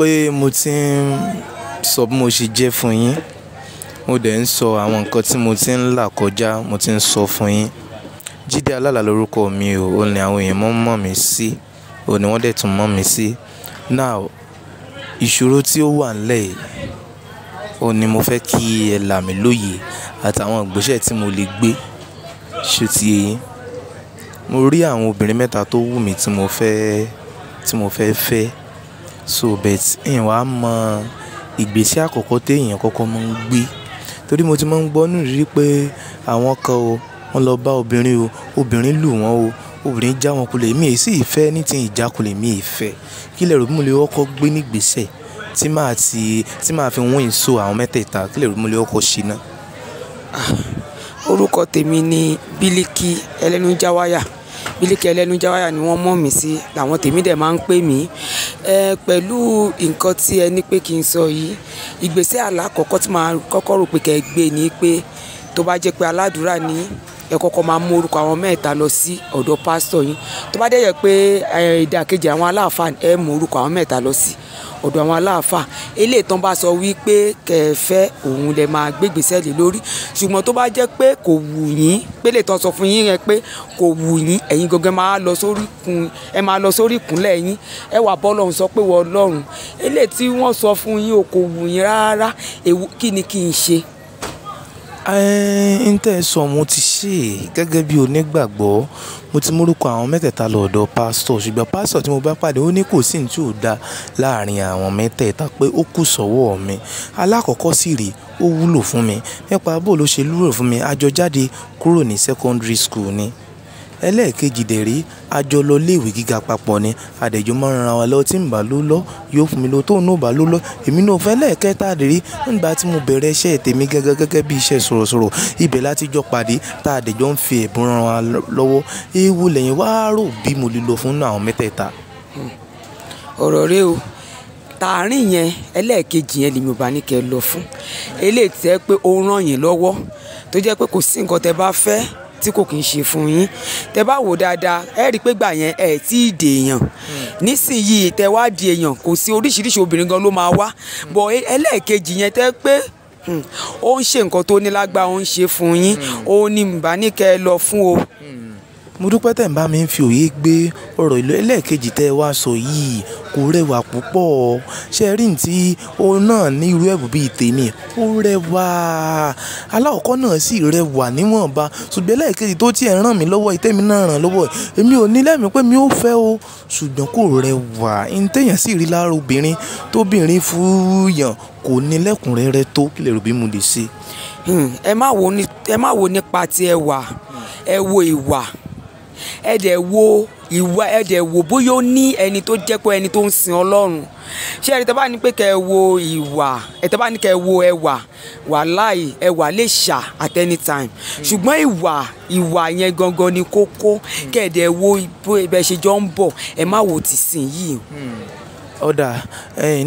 pé mo ti ń sọ bí mo ṣe jẹ́ fún yín mo dẹ̀ ń sọ àwọn nǹkan tí mo ti ń là kọjá mo ti ń sọ fún yín Jídé Alálà lórúkọ mi o ò ní àwọn èèyàn mọ́ mọ̀ mí sí ò ní wọ́n dẹ̀ tún mọ̀ mí sí now ìṣòro tí ó wà ńlẹ̀ yìí ò ní mo fẹ́ kí ẹ là mí lóye àtàwọn ìgbésẹ̀ tí mo lè gbé ṣe ti yín mo rí àwọn obìnrin mẹ́ta tó wù mí tí mo fẹ́ tí mo fẹ́ fẹ́ So but n wá mọ ìgbésẹ̀ àkọ́kọ́ tí èèyàn kọ́kọ́ máa ń gbé. Torí mo ti máa ń gbọ́ nínú ìrírí pé àwọn kan o, wọ́n lọ bá obìnrin o, obìnrin lù wọ́n o, obìnrin já wọn kulẹ̀. Èmi sì fẹ́ anything ìjákulẹ̀ mi ì fẹ́. Kí lẹ̀rò pe mo lè kọ́kọ́ gbé ní ìgbésẹ̀ tí màá ti, tí màá fi win so àwọn mẹ́tẹ̀ẹ̀ta. Kí lẹ̀rò pe mo lè kọ́kọ́ ṣe náà? Ah, orúkọ tèmi ni Bílíkì ẹlẹ́nu jáwáyà. Bílíkì Ẹlẹ́nujáráyà ni wọ́n mọ̀ mí sí làwọn tèmi dẹ̀ máa ń pè mí. Ẹ pẹ̀lú nǹkan tí ẹ ní pé kí n sọ yìí ìgbésẹ̀ alákọ̀ọ́kọ́ tí màá kọ́kọ́ rò pé kẹ́ ẹ gbé ni pé tó bá jẹ́ pé aládùúrà ni ẹ kọ́kọ́ máa mú orúkọ àwọn mẹ́ta lọ sí ọ̀dọ̀ pásítọ̀ yín tó bá dẹ̀ yẹ pé ìdàkejì àwọn aláàfáà ẹ mú orúkọ àwọn mẹ́ta lọ sí ọ̀dọ̀ àwọn aláàfà eléyìí tán bá sọ wípé kẹfẹ́ òun lè máa gbégbèsẹ̀ lé lórí ṣùgbọ́n tó bá jẹ́ pé kò wù yín pé lè tán sọ fún yín yẹn pé kò wù yín ẹ̀yin gangan máa lọ sórí kun ẹ máa lọ sórí ìkúnlẹ̀ yín ẹ wà bọ́lọ́run sọ pé wọ́n lọ́run eléyìí tí wọ́n sọ fún yín o kò wù yín rárá kí ni kí n ṣe Ẹn, tẹ sọ mo ti ṣe gẹ́gẹ́ bí onígbàgbọ́. Mo ti mú orúkọ àwọn mẹ́tẹ̀ẹ̀ta lọ ọ̀dọ̀ pásítọ̀, ṣùgbọ́n pásítọ̀ tí mo bá pàdé ó ní kò sí ohun tí ò da láàárín àwọn mẹ́tẹ̀ẹ̀ta pé ó kù sọ́wọ́ mi. Alákọ̀ọ́kọ́ sì rèé, ó wúlò fún mi. Nípa bó ló ṣe wúlò fún mi, a jọ jáde kúrò ní secondary school ni ẹlẹ́ẹ̀kejì dẹ̀ rí àjọ iléèwé gíga papọ̀ ni àdẹ̀jọ́ máa ń ran wa lọ tí ń bá ló lọ yóò fún mi lọ tóun náà bá ló lọ èmi náà fẹ́ lẹ́ẹ̀kẹta dẹ̀ rí nígbà tí mo bẹ̀rẹ̀ iṣẹ́ tèmi gẹ́gẹ́ gẹ́gẹ́ bí iṣẹ́ sọ̀rọ̀sọ̀rọ̀ ibẹ̀ láti jọ pàdé tá àdẹ̀jọ́ ń fi ẹ̀bùn ran wa lọ́wọ́ ewu lẹ́yìn wá rò bí mo lè lọ fún àwọn mẹ́tẹ̀ẹ̀ta. ọ̀rọ̀ rẹ o tààrin yẹn ẹlẹ́ẹ̀kejì yẹn lèmi ò bá ní kẹ́ ẹ lọ fún eléyìí tẹ́ pé ó ràn yín lọ́wọ́ tó jẹ́ pé kò sí nǹkan tẹ́ bá fẹ́ tí kò kì í ṣe fún yín tẹ bá wò dáadáa ẹ rí i pé gbà yẹn ẹ tí ì dèèyàn hmm. nísìnyìí tẹ wá di èèyàn kò sí oríṣiríṣi obìnrin gan ló máa wá hmm. bọ ẹlẹ́ẹ̀kejì yẹn tẹ pé hmm, ó ń ṣe nǹkan tó ní lágbá ó ń ṣe fún yín ó ní bá ní kẹ ẹ lọ fún o. mo dúpẹ́ tẹ̀ ń bá mi fi òye gbé ọ̀rọ̀ ìlú ẹlẹ́ẹ̀kejì tẹ́ wá sọ yìí kò rẹwà púpọ̀ ṣe rí ní tí òun náà ní irú ẹ̀bù bíi tèmi ó rẹwà aláwọ̀kọ́ náà sì rẹwà níwọ̀nba ṣùgbọ́n lẹ́ẹ̀kejì tó tiẹ̀ ràn mí lọ́wọ́ ìtẹ́mi náà ràn lọ́wọ́ èmi ò ní lẹ́mìí pé mi ò fẹ́ o ṣùgbọ́n kò rẹwà ní téèyàn sì rí lára obìnrin tóbìnrin fúyàn kò ní lẹ́kùnrẹ́rẹ́ tó kí lè rò bí mo lè ṣe. Hmm, ẹ má wo nípa ti ẹwà ẹ wo ìwà ẹ dẹ̀ wo ìwà ẹ dẹ̀ wo bóyá ó ní ẹni tó jẹ́ pé ẹni tó ń sin ọlọ́run ṣé ẹni tó ní pé kẹ́ ẹ wo ìwà ẹ tó ní kẹ́ ẹ wo ẹwà wàláì ẹwà lè ṣà at any time ṣùgbọ́n ìwà ìwà yẹn gangan ni kókó kẹ́ ẹ dẹ̀ wo ibẹ̀ ṣe jọ ń bọ̀ ẹ má wo ti sìn yìí. Hmm. ọ̀dà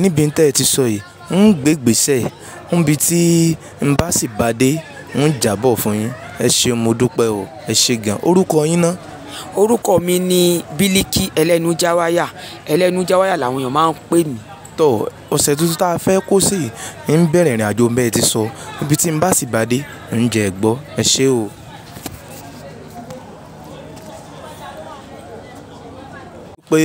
níbi tẹ́ ẹ ti sọ yìí ń gbégbèsè níbi tí n bá sì bàdé ń jábọ̀ fún yín ẹ ṣe mo dúpẹ́ o ẹ ṣe gan orúkọ yín náà. Orúkọ mi ni Bílíkì ẹlẹ́nu jáwáyà. Ẹlẹ́nu jáwáyà làwọn èèyàn máa ń pè mí. Tọ́ ọ̀sẹ̀ tuntun tá a fẹ́ kó sì ń bẹ̀rẹ̀ ìrìnàjò bẹ́ẹ̀ ti sọ. Ibi tí n bá sì bá ń jẹ ẹ Ẹ ṣé o. Pé.